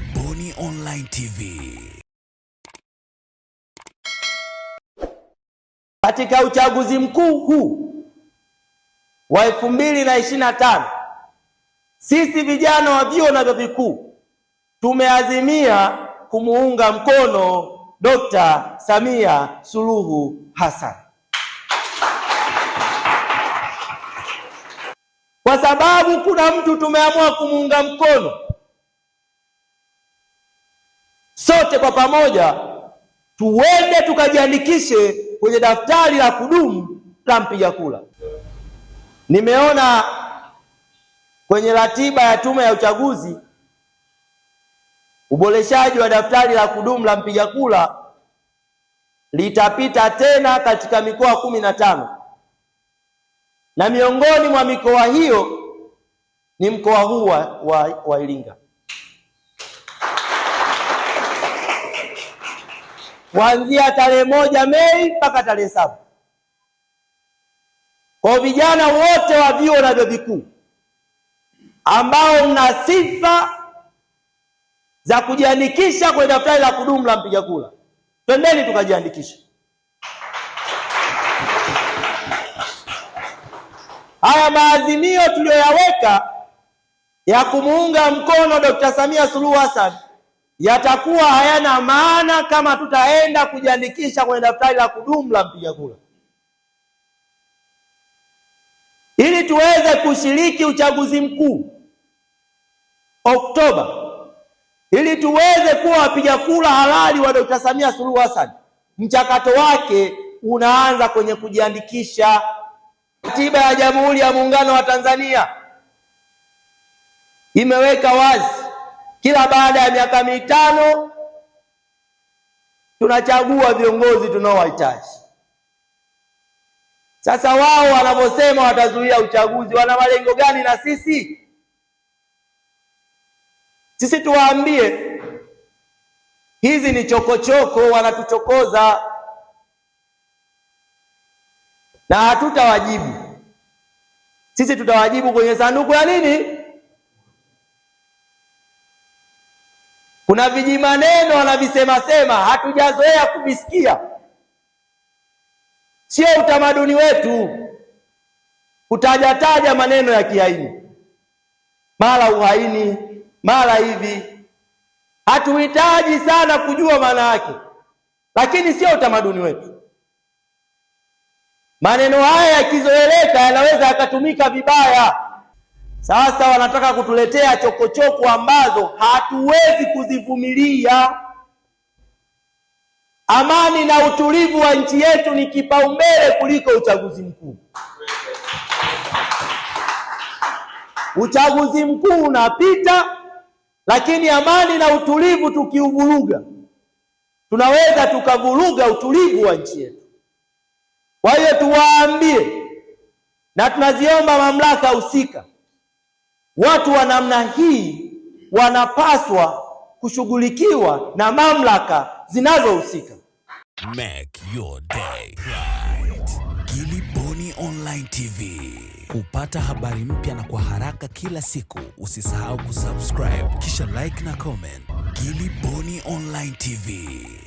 Billy Online TV. Katika uchaguzi mkuu huu wa 2025 sisi vijana wa vyuo na vyuo vikuu tumeazimia kumuunga mkono Dr. Samia Suluhu Hassan kwa sababu kuna mtu tumeamua kumuunga mkono sote kwa pamoja tuende tukajiandikishe kwenye daftari la kudumu la mpiga kura. Nimeona kwenye ratiba ya Tume ya Uchaguzi uboreshaji wa daftari la kudumu la mpiga kura litapita tena katika mikoa kumi na tano na miongoni mwa mikoa hiyo ni mkoa huu wa, wa, wa Iringa. kuanzia tarehe moja Mei mpaka tarehe saba kwa vijana wote wa vyuo na vyuo vikuu ambao mna sifa za kujiandikisha kwenye daftari la kudumu la mpiga kura, twendeni tukajiandikisha. Haya maazimio tuliyoyaweka ya kumuunga mkono Dr. Samia Suluhu Hassan yatakuwa hayana maana kama tutaenda kujiandikisha kwenye daftari la kudumu la mpiga kura. Ili tuweze kushiriki uchaguzi mkuu Oktoba, ili tuweze kuwa wapiga kura halali wa Dkt. Samia Suluhu Hassan, mchakato wake unaanza kwenye kujiandikisha. Katiba ya Jamhuri ya Muungano wa Tanzania imeweka wazi kila baada ya miaka mitano tunachagua viongozi tunaowahitaji. Sasa wao wanavyosema watazuia uchaguzi, wana malengo gani na sisi? Sisi tuwaambie, hizi ni chokochoko, wanatuchokoza na hatutawajibu sisi. Tutawajibu kwenye sanduku la nini Kuna vijimaneno sema hatujazoea kuvisikia, sio utamaduni wetu kutajataja maneno ya kihaini, mara uhaini, mara hivi. Hatuhitaji sana kujua maana yake, lakini sio utamaduni wetu. Maneno haya yakizoeleka yanaweza yakatumika vibaya sasa wanataka kutuletea chokochoko ambazo hatuwezi kuzivumilia. Amani na utulivu wa nchi yetu ni kipaumbele kuliko uchaguzi mkuu. Uchaguzi mkuu unapita, lakini amani na utulivu tukiuvuruga, tunaweza tukavuruga utulivu wa nchi yetu. Kwa hiyo tuwaambie na tunaziomba mamlaka husika Watu wa namna hii wanapaswa kushughulikiwa na mamlaka zinazohusika. Make your day right. Gilly Bonny Online TV. Kupata habari mpya na kwa haraka kila siku, usisahau kusubscribe kisha like na comment. Gilly Bonny Online TV.